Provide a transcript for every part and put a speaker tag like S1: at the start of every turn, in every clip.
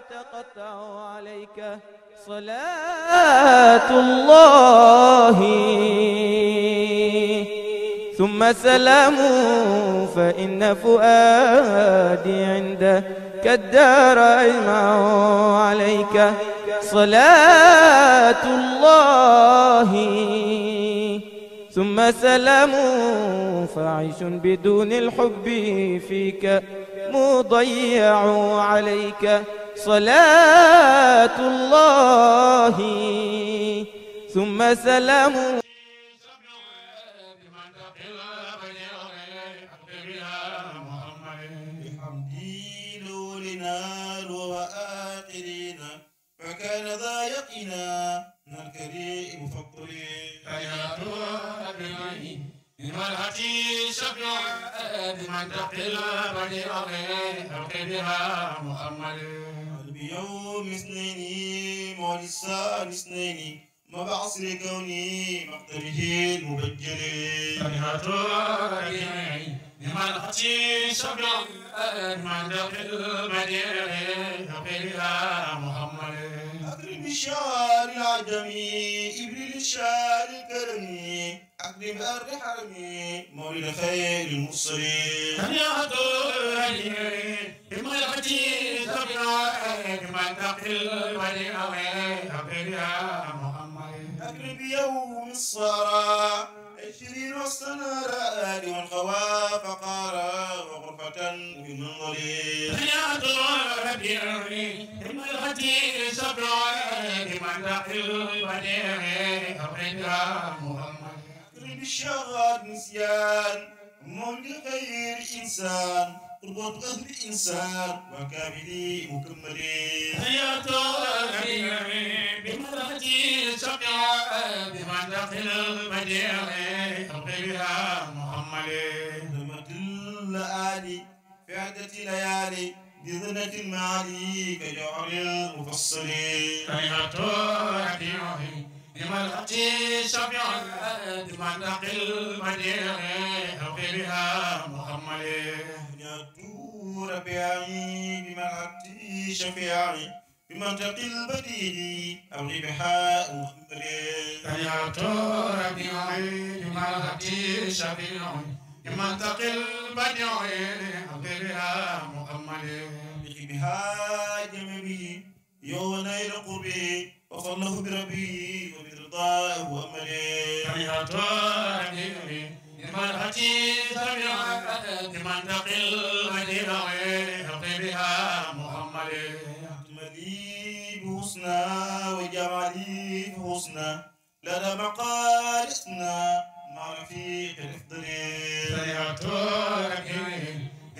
S1: تقطع عليك صلاة الله ثم سلام فإن فؤادي عندك الدار أجمع عليك صلاة الله ثم سلام فعيش بدون الحب فيك مضيع عليك صلاة الله ثم سلام
S2: وآخرين فكان ذا يقنا
S1: تقل بديع الخلق بها
S2: محمد بيوم اثنيني ولسان اثنين مبعث لكوني مقدره المبجل فرحة
S1: ربيعي بمن خطي شبر من دق البديع فقلها محمد أقرب الشعر العجمي إبريل الشعر الكرمي ببأر حرمي مولد خير
S2: المصري
S1: يا هدولي بما يغتي تبقى ما تقل ولي أوي يا محمد
S2: أقرب يوم الصرا عشرين وسنة رأى لمن خوا فقارا
S1: وغرفة بمنظري يا هدولي بما يغتي تبقى ما تقل ولي أوي يا محمد
S2: شغال نسيان من غير إنسان قربان قهر إنسان وكاملي مكملي
S1: يا طرفي بمرحتي شقيا بمنطق البديع حقيبها
S2: محمد همة الآلي في عدة ليالي بظنة المعالي كجعر المفصل أيها طرفي
S1: بملأتي شفيع المندق المدير بها محمد يدور بعي
S2: بملأتي شفيعي بمنطق البديل أو ربحاء
S1: محمد فيا ترى بعيد مرهتي شفيع بمنطق البديل أو ربحاء محمد
S2: بها جميل يوم نيل قربي الله بربي
S1: وبرضاه وأملي تبيهات أمين لمن هتي تبيعك لمن
S2: تقي المدينة ويلقي بها محمد مدي بحسنى
S1: وجعلي
S2: بحسنى لدى مقالسنا مع رفيق الافضل
S1: تبيهات أمين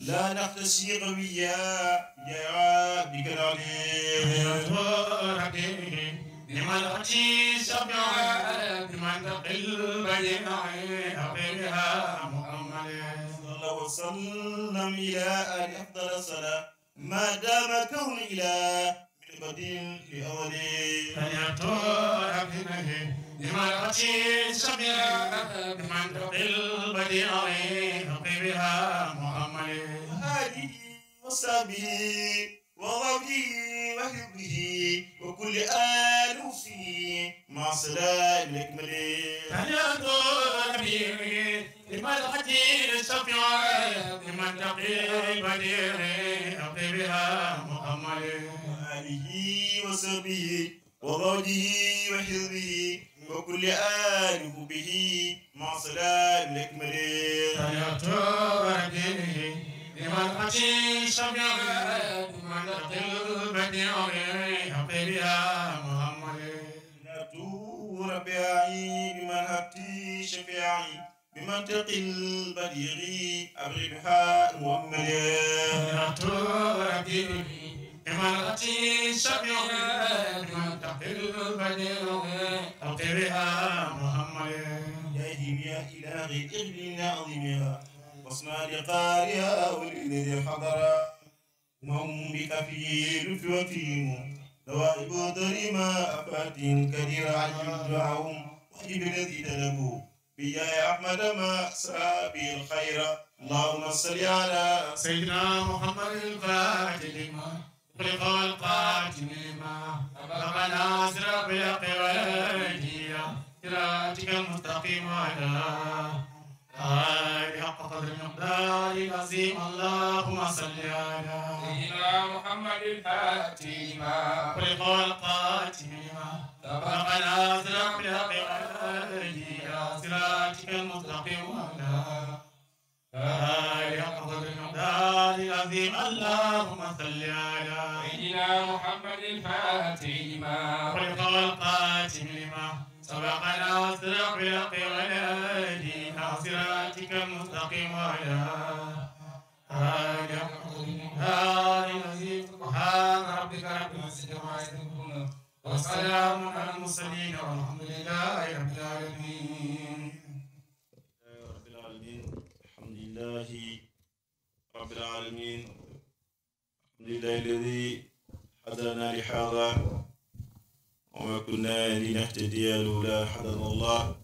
S1: لا
S2: نختصي قوية يا رب بكرامه
S1: لمن أتي سبعة لما تقل بدعي أقلها محمد
S2: صلى الله وسلم إلى أن أفضل الصلاة ما دام كون إله
S1: من بدين لأولي فليطور بنهي بمرة سميع من حب البديع حق بها محمد هادي وصابي وغودي
S2: وحبه وكل آل فيه
S1: مع صلاة الأكمل تهيأت نبيه لمدحة الشفيع لمن تقي البديع حق بها محمد
S2: وآله وصحبه وغوده وحزبه وكل آن هو به مع سلام الأكمل تنيت وردي
S1: بمن أتي شبيع من أقل بديع حقيبها محمد نبتو ربيعي
S2: بمن أتي شفيعي بمنطق البديع أبربها محمد
S1: نبتو ربيعي امرأتي شقيقة منطق البديع أقرئا محمد يا إلهي إغني عظيمها واصنع
S2: لقارئها والإذ حضرا وهم بك في رفوتهم دوائب ظلما أفات كثيرة عجب واجب الذي طلبوا بيا أحمد ما سابي الخير اللهم
S1: صل على سيدنا محمد الفاتح طرق القاتم ما أبقى ناصر بيق والهدية صراطك المستقيم على آل حق المقدار العظيم اللهم صل على سيدنا محمد الفاتح ما طرق القاتم ما أبقى ناصر بيق والهدية صراطك المستقيم على آل حق المقدار العظيم اللهم صل على الفاتمة خلق القاتم لما سبق ناصر خلق ونادي صراطك المستقيم على هذا سبحان ربك رب العزة عما يصفون على المرسلين والحمد لله رب العالمين رب العالمين
S2: الحمد لله رب العالمين الحمد لله الذي هدانا لهذا وما كنا لنهتدي لولا هدانا الله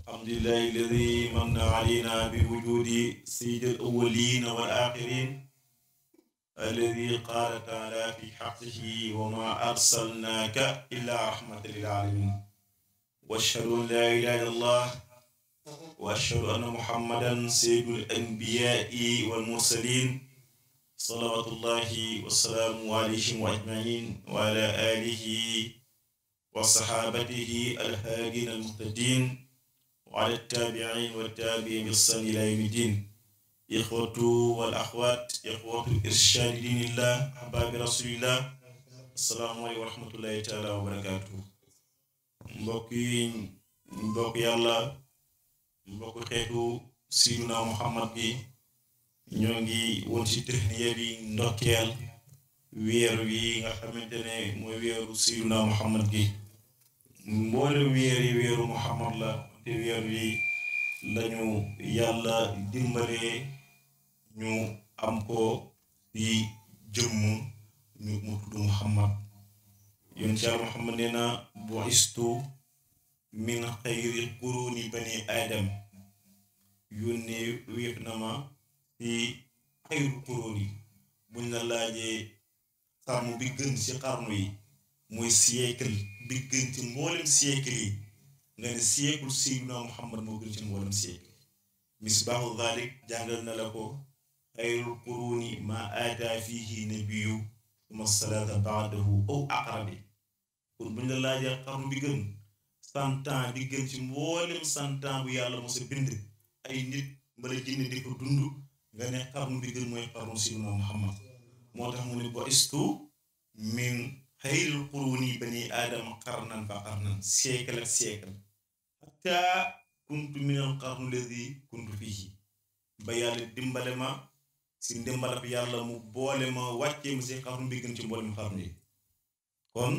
S2: الحمد لله الذي من علينا بوجود سيد الأولين والآخرين الذي قال تعالى في حقه وما أرسلناك إلا رحمة للعالمين وأشهد أن لا إله إلا الله وأشهد أن محمدا سيد الأنبياء والمرسلين صلوات الله والسلام عليهم أجمعين وعلى آله وصحابته الهادين المهتدين وعلى التابعين والتابعين بإحسان إلى يوم الدين إخوة والأخوات إخوة الإرشاد دين الله أحباب رسول الله السلام عليكم ورحمة الله تعالى وبركاته مبوكين مبوك يالله مبوك خيتو سيدنا محمد بي ñoo ngi woon ci Tahniya bi ndokkeel weer wi nga xamante ne mooy weeru Sayyidina Muhammad gi mboole weer yi weeru Muhammad la te weer wi lañu yàlla dimbalee ñu am ko di jëmm ñu mu tudd Muhammad yoon ci Muhammad nee na bu'istu min xayri quruni bani aadam yónnee wéef na ma fi xayru quróon yi buñ la laajee xarnu bi gën ci xarnu yi mooy siècle bi gën ci mboolem siècle yi nga ne siècle Seydina Muhammad moo gën ci mboolem siècle misbaaxu dalik jàngal na la ko xayrul quruuni ma aataa fiihi nabiyu suma salaata baadahu aw aqrabi kon buñ la laajee xarnu bi gën cent ans bi gën ci mboolem cent ans bu yàlla mos a bind ay nit mbala jinne di ko dund nga ne xarnu bi gën mooy xarnu Seydina Muhammad moo tax mu ne bo istu min xayril quruni bani aadama qarnan fa qarnan siècle ak siècle kuntu minal qarnu ladi kuntu fiihi ba yàlla dimbale ma si ndimbalab yàlla mu boole ma wàccee ma si xarnu bi gën ci mboolem xarnu yi kon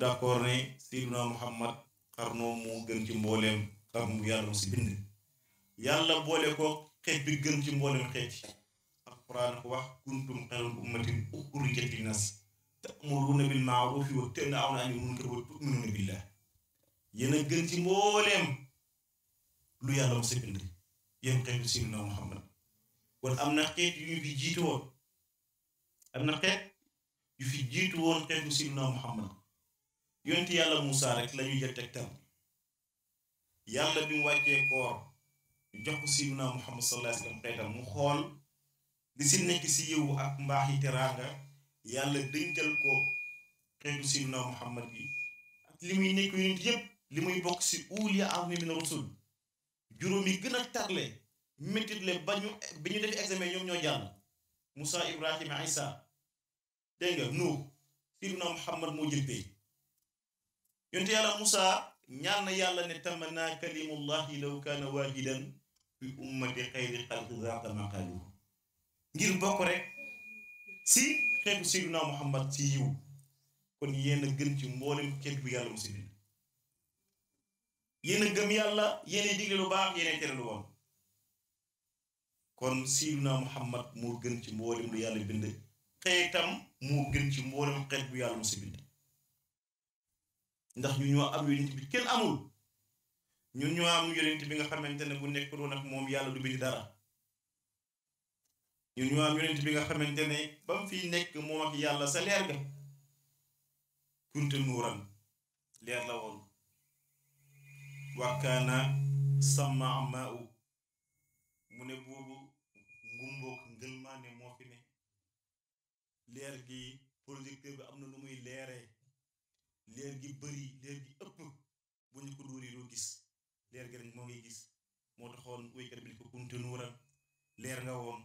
S2: d'accord ne Seydina Muhammad xarnoo moo gën ci mbooleem xarnu bu yàlla mu si bind yàlla boole ko xeet bi gën ci mboolem xeet yi alquran ko wax kuntum xayra ummatin ukhrijat linnas ta'muruna bil ma'rufi wa tanhawna 'anil munkari wa tu'minuna billah yéen a gën ci mbooleem lu yàlla mos a bind yéen xeetu sayyidina Muhammad kon am na xeet yu fi jiitu woon am na xeet yu fi jiitu woon xeetu xam Muhammad yonent yàlla Moussa rek la ñuy jël tegtal yàlla bi wàccee koor jox ko sayyidina Muhammad sallallahu alayhi wa sallam xeetam mu xool li si nekk si yiw ak mbaax yi teraanga yàlla dënkal ko xeetu sayyidina Muhammad bi ak li muy nekk yonent yëpp li muy bokk si ulil azmi min rusul juróom yi gën a tarle métit le ba ñu bi ñu def examen ñoom ñoo jàll Moussa Ibrahima Isa dégg nga Nuux sayyidina Muhammad moo jël pay yonent yàlla Moussa ñaan na yàlla ne tamanna kalimullahi law kaana waahidan fi ummati xayri xalqi zaaka maqalu ngir bokk rek si xeetu Seydina Muhammad si yiw yéen a ci mboolem xeet bu yàlla si bind gëm yàlla yéen a digle lu baax kon Seydina gën ci mboolem lu yàlla bind xeetam moo gën ci mboolem xeet bu yàlla mu si bind ndax ñu ñoo am yonent bi kenn amul ñu ñoo am yonent bi nga xamante ne bu nekkul woon ak moom yàlla du bind dara ñun ñoo am yonent bi nga xamante ne ba mu nekk moom ak yàlla sa leer ga kunta nuuran leer la woon wakkaana sama maa u mu ne boobu ngumboog ngëlmaane moo fi ne leer gi projecteur bi am na lu muy leeree leer gi bëri leer gi ëpp bu ñu ko dóoree doo gis leer gi moo ngi gis moo taxoon wéykat bi di ko kunte nuural leer nga woon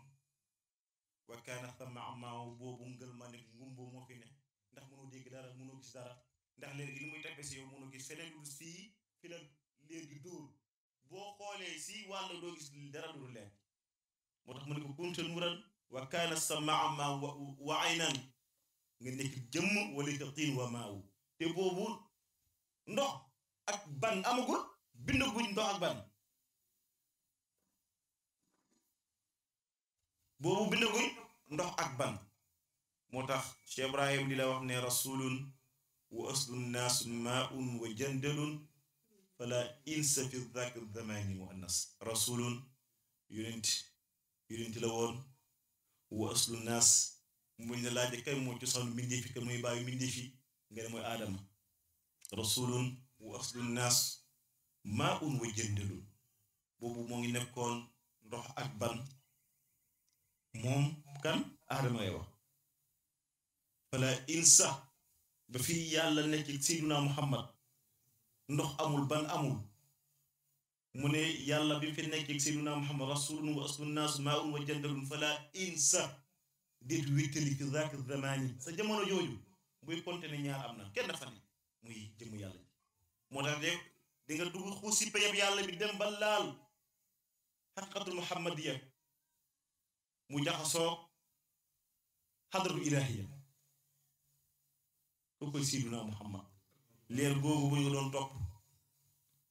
S2: wa kaana sama amaaw boobu ngël ma nekk ngumbo moo fi ne ndax mënoo dégg dara mënoo gis dara ndax leer gi li muy tappe si yow mënoo gis feneen lu fii leer gi dóor boo xoolee si wàll doo gis dara du leer moo tax mu ne kunte nuural wa kaana samaa ma wa aynan nga nekk jëmm wala tiin wa maaw te boobu ndox ak ban amagul bind ko buñ ndox ak ban moo tax Cheikh Ibrahim di la wax ne rasulun wa aslun naasun maaun wa jandalun fala insa fi dhaka zamani muannas rasulun yonent yonent la woon wa aslu naas mu la laaj kay moo cosaanu mbindee fi kan mooy bàyyi mbindee fi nga mooy aadama rasulun wa aslu naas maa un wa jëndalul boobu moo ngi nekkoon ndox ak ban moom kan aadama ya wax fala insa ba fii yàlla nekk seyduna muhammad ndox amul ban amul mu ne yàlla bi fi nekk seyduna muhammad rasulun wa aslun naas maa un wa jëndalul fala insa déet wéttali fi zaaka zamaani sa jamono jooju buy konte ne ñaar am na kenn fa ne muy jëmu yàlla ji moo tax de di nga dugg xuus si yàlla bi dem ba laal xaqiqatul muhammadiya mu jaxasoo xadratu ilahiya koo koy siiduna muhammad leer googu bu ñu doon topp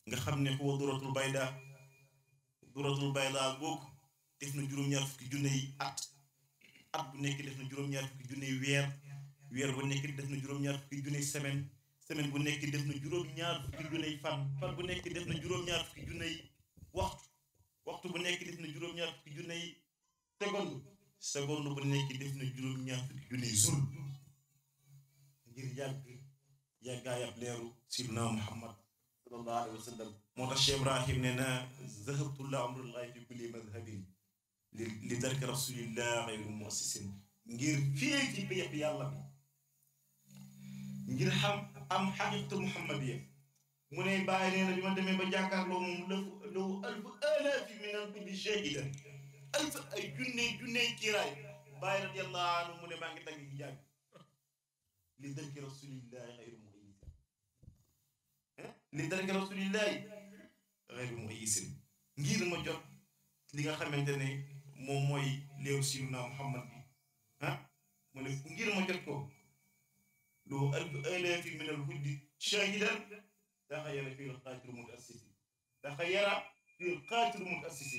S2: nga xam ne huwa duratul bayda duratul bayda googu def na juróom-ñaar fukki junne at at bu nekk def na juróom-ñaar fukki junne yi weer weer bu nekk def na juróom-ñaar fukki semaine semaine bu nekk def na juróom-ñaar fukki junney fan fan bu nekk def na juróom-ñaar fukki junney waxtu waxtu bu nekk def na juróom-ñaar fukki junney seconde seconde bu nekk def na juróom-ñaar fukki junney jour ngir yàgg yàggaayab leeru sidna Muhammad sallallahu alayhi wa sallam moo tax Cheikh Ibrahim nee na zahabtu la amrullahi fi kulli madhabin li li darki rasulillah xayru muassisin ngir fii ci béyat yàlla bi ngir xam am xaqiqatu muhammadiya mune baye neena bima deme ba jakarlo mom le le alf alaf min al kulli shahidan alf ay junne junne kiiraay bàyyi radiyallahu anhu mu ne maa ngi tagi gi li dërki rasulillahi ghayr muhayyis li dërki rasulillahi ghayr muhayyis ngir ma jot li nga xamantene mom moy lew sunna muhammad bi ah mu ngir ma jot ko له ألف آلاف من الهد شاهدا تخيل في القاتل المتأسس تخيل في القاتل المتأسس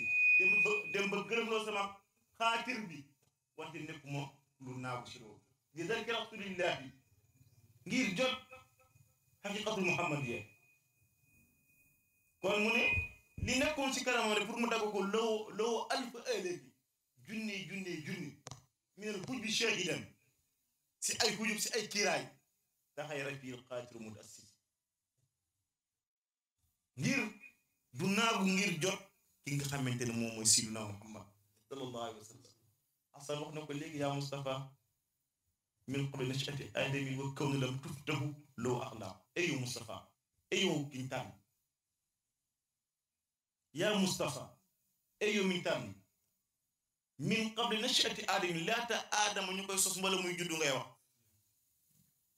S2: دم بقرم لو سمع قاتل بي وانت نكما لناب شروع لذلك رسول الله غير جد حقيقة محمد يا يعني. كون موني لي نكون سي كلام ري بور مو داكو لو لو الف الف جوني جوني جوني من الحج شاهدا سي اي حجوب سي اي كيراي taxayara bil xaatiru mudassir ngir du naagu ngir jot ki nga xamante ne moom mooy siduna muhammad sallallahu alayhi wa sallam asan wax na ko léegi yaa Moustapha min qabli nashati aadami wa kawni lam tuftahu loo axlaam eyo Moustapha eyo kintaan yaa Moustapha eyo mintaan min qabli nashati aadami laata aadama ñu koy sos mbala muy juddu ngay wax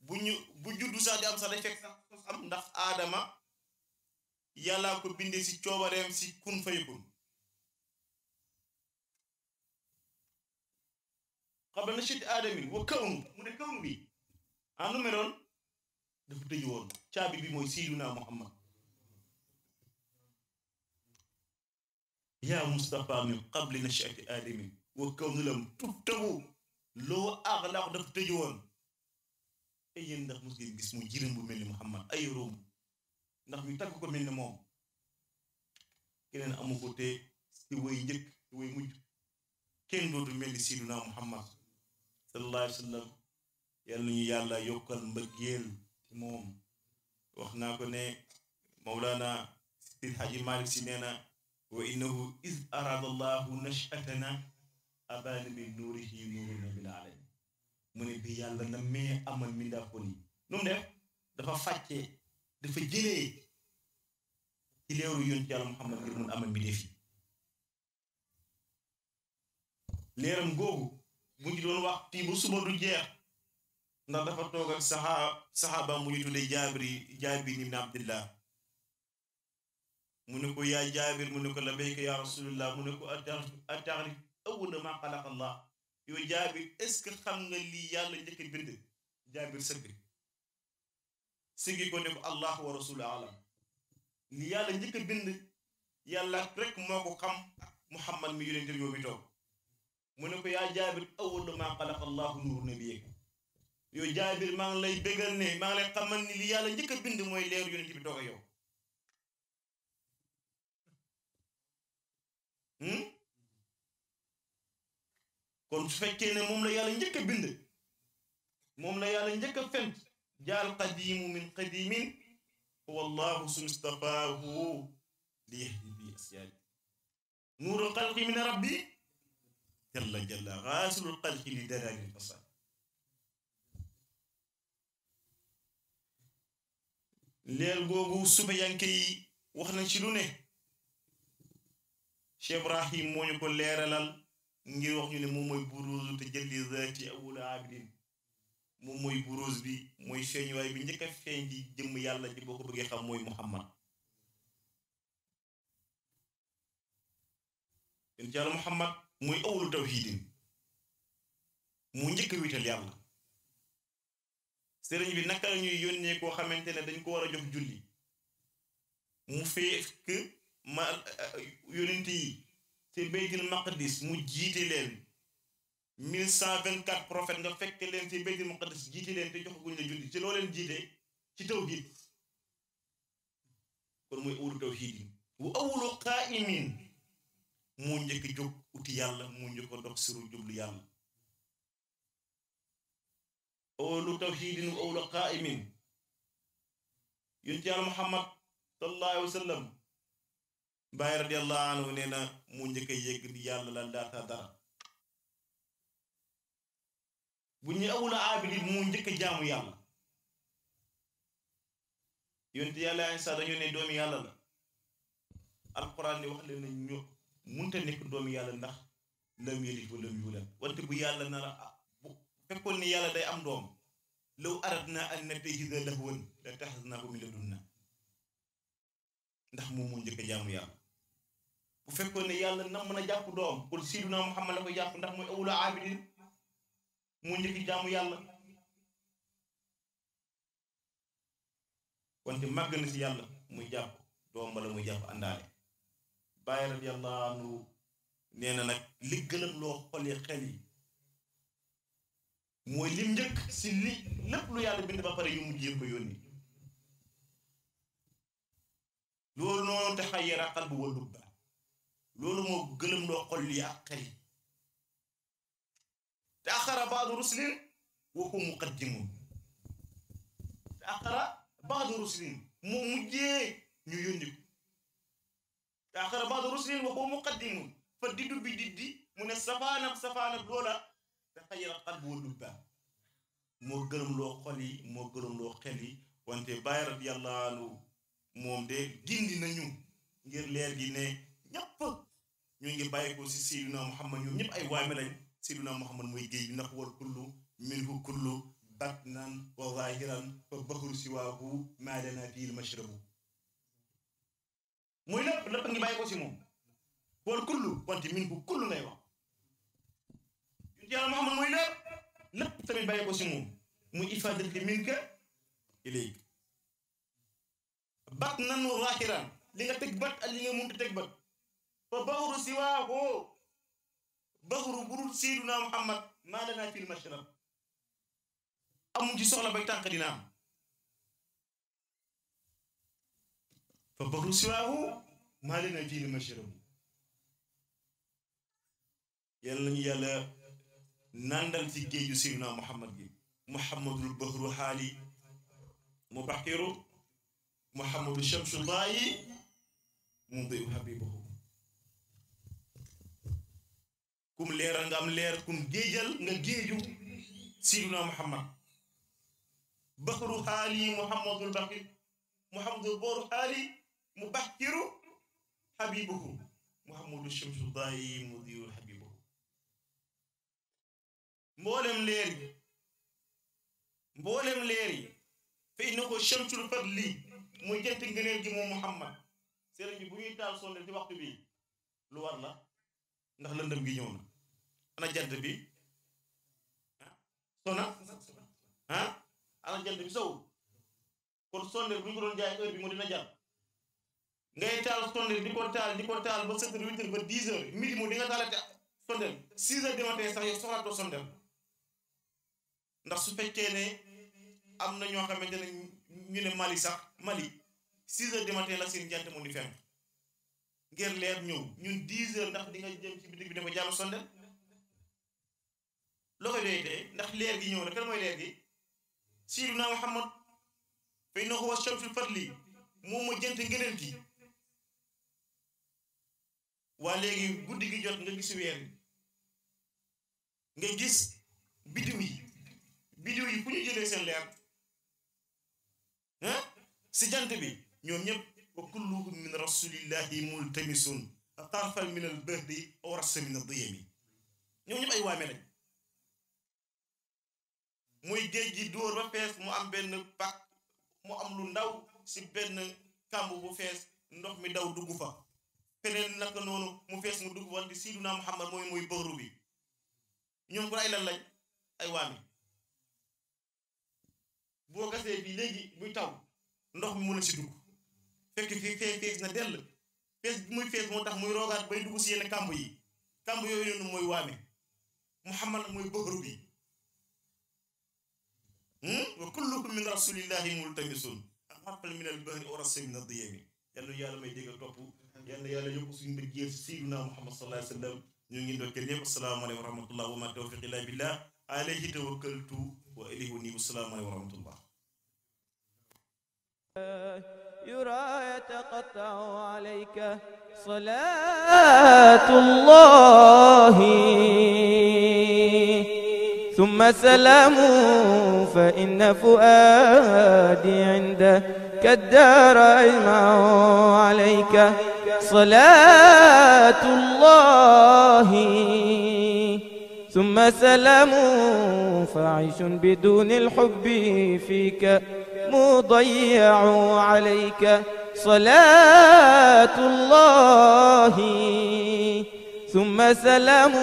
S2: bu ñu bu juddu sax di am sax day fekk sax sos am ndax aadama yàllaa ko bindee si coobareem si kun fayakun qabla nashati aadamin wa kawn mu ne kawn bi am nu dafa tëju woon caabi bi mooy Seydina Muhammad yaa Mustapha min qabli nashati aadamin wa kawn lam tuftahu loo aax dafa tëju woon ay yéen ndax mos ngeen gis mu jirim bu mel ni Muhammad ay room ndax ñu tagg ko mel ni moom keneen amu ko te ci way njëkk ci way mujj kenn dootu mel ni Seydina Muhammad sallallahu alayhi wa sallam yàlla nañu yàlla yokkal mbëggeel ci moom wax naa ko ne Mawlana Seydi Hadji Malick Sy nee na wa innahu iz arada allahu nashatana abana bi nuurihi nuurina bil alamin mu ne bi yàlla na mee amal mi ndaa kon yi nu mu def dafa fàccee dafa jëlee ci leeru yoon ci yàlla Muhammad ngir mun amal mi def leeram googu bu ñu doon wax fii ba suba du jeex ndax dafa toog ak saxaa saxaaba mu ñu tuddee jaabiri jaabir ibn abdillah mu ne ko yaa jaabir mu ne ko labayka yaa rasulullah mu ne ko ataarif awwala ma xalaqa allah yow jaabir est-ce que xam nga lii yàlla njëkk bind jaabir sëgg sëggi ko ne ko allah wa rasulu alam lii yàlla njëkk bind yàlla rek moo ko xam ak muhammad mi yonente yow mi toog mu ne ko yaa jaabir awwalu maa xalaqa allahu nuuru nabiyek yow jaabir maa ngi lay bégal ne maa ngi lay xamal ni lii yàlla njëkk bind mooy leeru yonente bi toog yow kon su fekkee ne moom la yàlla njëkk a bind moom la yàlla njëkk a fent jaal qadiimu min qadiimin huwa allahu sumistafaahu liyahdi bi asyaali nuurul xalqi min rabbi jalla jalla xaasilul xalqi li dalaalil fasaad leel googu suba yanke yi wax nañ ci lu ne Cheikh Ibrahim moo ko leeralal ngir wax ñu ne moom mooy buruusu te jëlli zaati awula abidin moom mooy buruus bi mooy feeñuwaay bi njëkk a feeñ di jëmm yàlla ji boo ko bëggee xam mooy muhammad yonent yàlla muhammad mu njëkk wital yàlla sëriñ bi naka la ñuy koo xamante ne dañ ko war a jox julli mu fekk ma ci beytil maqdis mu jiite leen mille cent vingt quatre prophètes nga fekk leen ci beytil maqdis jiite leen te joxaguñ la julli ci loo leen jiite ci tawhid kon mooy awlu tawhid yi awlu qaaimin moo njëkk jóg uti yàlla moo njëkk dox siru jublu yàlla awlu tawhidin wa awlu qaaimin yonent yàlla muhammad sallallahu alayhi wa sallam Baay radiyallahu anhu nee na mu njëkk a yëg di yàlla la laata dara bu ñu awul aabidi mu njëkk a jaamu yàlla yonent yàlla Iisaa dañoo ne doomi yàlla la alquran di wax leen nañ ñu munta nekk doomi yàlla ndax lam yalid wa lam yuulad yàlla na la ah, bu fekkoon ne yàlla day am doom law aradna an nattaxida lahwan la taxadnaahu min ndax moom moo njëkk jaamu yàlla bu fekkoon ne yàlla na mën a jàpp doom kon Sidina Muhammad la ko jàpp ndax mooy awula abidin mu njëkk jaamu yàlla konte màgg na si yàlla muy jàpp doom bala muy jàpp àndaale bàyyi radiyallahu anhu nee na nag li gëlëm loo xoolee xel yi lim njëkk si li lépp lu yàlla bind ba pare yu mujj yëpp yónni loolu noonu te xayyara qalbu wa lubba loolu moo gëlëm loo xol yi ak xel yi baadu rusulin wa ko muqaddimun taaxara baadu rusulin moo mujjee ñu yónni ko taaxara baadu rusulin wa ko muqaddimun fa diddu diddi mu ne safaanab safaanab loola taxayira qalbu wa lubba moo gëlëm loo xol yi moo gëlëm loo xel wante Baay radiyallaahu anhu moom de gindi nañu ngir leer gi ne ñu ngi bàyyeekoo si Seydina Muhammad ñoom ñëpp ay waame lañ Seydina Muhammad mooy géej bi ndax war kullu minhu kullu batnan wa zahiran fa bahru siwaahu maa lana fiil mashrabu muy lépp lépp ngi bàyyeekoo si moom war kullu wante minhu kullu lay wax yonent Yàlla Muhammad mooy lépp lépp tamit bàyyeekoo si moom muy ifaadat li minka ilayk batnan wa zahiran li nga teg bat ak li nga mënut a teg bat فبغر سواه بغر برود سيدنا محمد ما لنا في المشرب أم جسول بيتان قدنا نعم. فبغر سواه ما لنا في المشرب يلن يلا نندل في جي سيدنا محمد جي. محمد البغر حالي مبحكرو محمد الشمس الضائي مضيء حبيبه كم لير نعم لير كم جيجل نجيجو سيدنا محمد بخرو حالي محمد البخي محمد البور حالي مبحكرو حبيبه محمد الشمس الضائي مضيء حبيبه مولم ليري مولم ليري فإنه الشمس الفضل مجت الجنر جم محمد سيرجي بوي تال صلى الله عليه وسلم لوارلا نحن لندم جيونا ana jant bi sona ah ana jant bi sow kon sondeel bu ñu ko doon jaay heure bi moo dina jàpp ngay taal sondeel di ko taal ba sept heures ba dix heures midi moo di nga taalate sondeel six heures du matin sax yow soxlaatoo sondeel ndax su fekkee ne am na ñoo xamante ne ñu ne Mali sax Mali six heures du matin la seen jant mu di fenk ngir leer ñëw ñun dix heures ndax di jëm ci bitig bi dafa jàmm sondeel لغة ليه ده لير دي نيو نكال موي لير دي سيرنا محمد فإنه هو الشمس الفضلي مو مجنت جنل دي ولكن بدي جي جات نجيس وير نجيس بدوي بدوي كل جلسة سن لير ها سجنت بي نيوم نيب وكلهم من رسول الله ملتمسون طرفا من البهدي أو رسم من الضيمي نيوم نيب أي واحد muy géej gi dóor ba fees mu am benn pàkk mu am lu ndaw si benn kàmb bu fees ndox mi daw dugg fa feneen naka noonu mu fees mu dugg fa di siiduna Muhammad mooy muy bëru bi ñoom ko ay lan boo gasee bi léegi buy taw ndox mi mën a si dugg fekk fi fees na dell fees muy fees moo tax muy roogaat bay dugg si yenn kàmb yi kàmb yooyu noonu mooy waame Muhammad mooy bëru yi Hmm? وكلكم من رسول الله ملتمسون الحق من البحر ورس من الضيام يلا يلا ما يديك توب يلا يلا يوكو من بجير سيدنا محمد صلى الله عليه وسلم نيغي دوكل ييب السلام عليكم ورحمه الله وما توفيق الا بالله عليه توكلت واليه نيب السلام عليكم ورحمه الله
S1: يرى يتقطع عليك صلاه الله ثم سلام فإن فؤادي عندك كالدار أجمع عليك صلاة الله ثم سلام فعيش بدون الحب فيك مضيع عليك صلاة الله ثم سلام